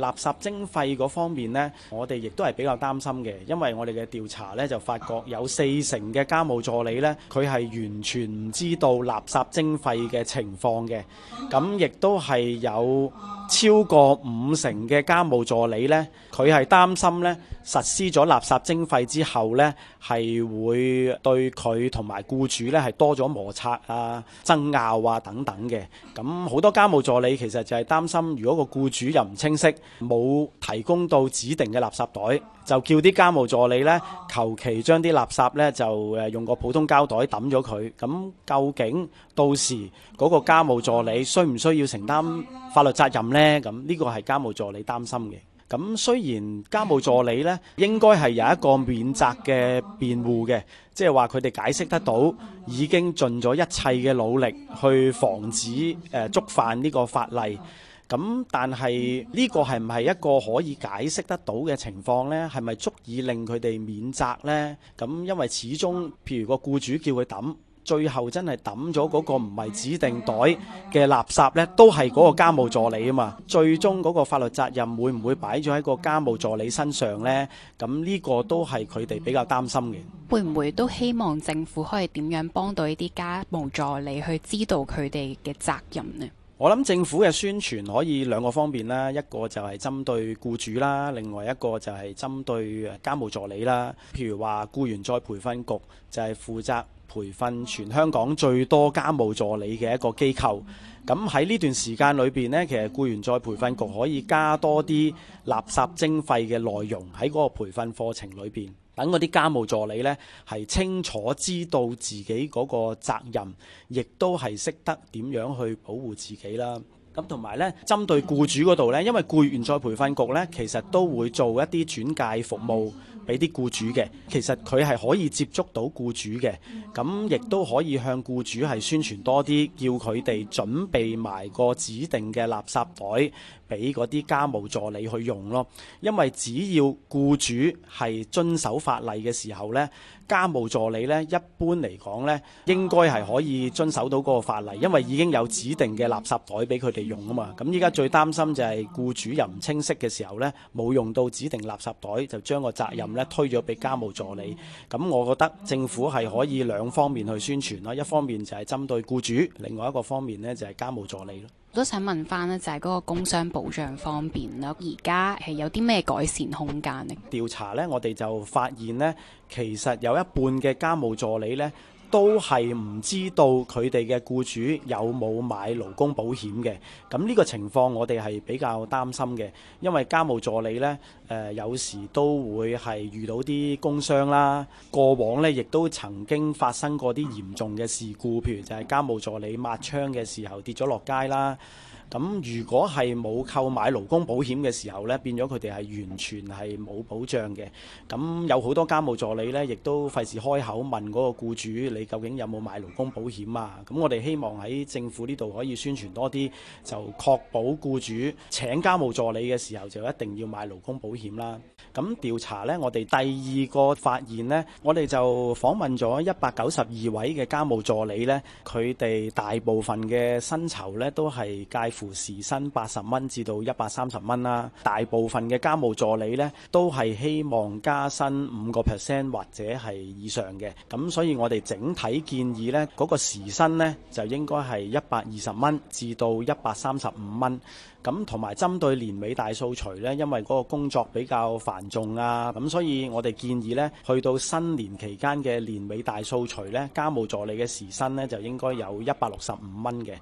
垃圾徵費嗰方面呢，我哋亦都係比較擔心嘅，因為我哋嘅調查呢，就發覺有四成嘅家務助理呢，佢係完全唔知道垃圾徵費嘅情況嘅。咁亦都係有超過五成嘅家務助理呢，佢係擔心呢，實施咗垃圾徵費之後呢，係會對佢同埋僱主呢係多咗摩擦啊、爭拗啊等等嘅。咁好多家務助理其實就係擔心，如果個僱主又唔清晰。冇提供到指定嘅垃圾袋，就叫啲家務助理呢，求其將啲垃圾呢，就誒用個普通膠袋揼咗佢。咁究竟到時嗰個家務助理需唔需要承擔法律責任呢？咁呢個係家務助理擔心嘅。咁雖然家務助理呢，應該係有一個免責嘅辯護嘅，即係話佢哋解釋得到已經盡咗一切嘅努力去防止誒觸犯呢個法例。咁，但係呢個係唔係一個可以解釋得到嘅情況呢？係咪足以令佢哋免責呢？咁因為始終，譬如個僱主叫佢抌，最後真係抌咗嗰個唔係指定袋嘅垃圾呢，都係嗰個家務助理啊嘛。最終嗰個法律責任會唔會擺咗喺個家務助理身上呢？咁呢個都係佢哋比較擔心嘅。會唔會都希望政府可以點樣幫到呢啲家務助理去知道佢哋嘅責任呢？我諗政府嘅宣傳可以兩個方面啦，一個就係針對僱主啦，另外一個就係針對家務助理啦。譬如話僱員再培訓局就係負責培訓全香港最多家務助理嘅一個機構。咁喺呢段時間裏面呢，其實僱員再培訓局可以加多啲垃圾徵費嘅內容喺嗰個培訓課程裏面。等嗰啲家務助理呢，係清楚知道自己嗰個責任，亦都係識得點樣去保護自己啦。咁同埋咧，針對僱主嗰度咧，因為僱員再培訓局咧，其實都會做一啲轉介服務俾啲僱主嘅。其實佢係可以接觸到僱主嘅，咁亦都可以向僱主係宣傳多啲，叫佢哋準備埋個指定嘅垃圾袋俾嗰啲家務助理去用咯。因為只要僱主係遵守法例嘅時候咧，家務助理咧一般嚟講咧，應該係可以遵守到嗰個法例，因為已經有指定嘅垃圾袋俾佢哋。用啊嘛，咁依家最擔心就係僱主又唔清晰嘅時候呢，冇用到指定垃圾袋，就將個責任咧推咗俾家務助理。咁我覺得政府係可以兩方面去宣傳咯，一方面就係針對僱主，另外一個方面呢，就係家務助理咯。我都想問翻呢，就係嗰個工傷保障方面啦，而家係有啲咩改善空間呢？調查呢，我哋就發現呢，其實有一半嘅家務助理呢。都係唔知道佢哋嘅僱主有冇買勞工保險嘅，咁呢個情況我哋係比較擔心嘅，因為家務助理咧，誒、呃、有時都會係遇到啲工傷啦。過往咧亦都曾經發生過啲嚴重嘅事故，譬如就係家務助理抹窗嘅時候跌咗落街啦。咁如果係冇購買勞工保險嘅時候咧，變咗佢哋係完全係冇保障嘅。咁有好多家務助理咧，亦都費事開口問嗰個僱主你。究竟有冇買勞工保險啊？咁我哋希望喺政府呢度可以宣傳多啲，就確保僱主請家務助理嘅時候就一定要買勞工保險啦。咁調查咧，我哋第二個發現咧，我哋就訪問咗一百九十二位嘅家務助理咧，佢哋大部分嘅薪酬咧都係介乎時薪八十蚊至到一百三十蚊啦。大部分嘅家務助理咧都係希望加薪五個 percent 或者係以上嘅。咁所以我哋整睇建議呢嗰個時薪呢，就應該係一百二十蚊至到一百三十五蚊。咁同埋針對年尾大掃除呢，因為嗰個工作比較繁重啊，咁所以我哋建議呢去到新年期間嘅年尾大掃除呢，家務助理嘅時薪呢，就應該有一百六十五蚊嘅。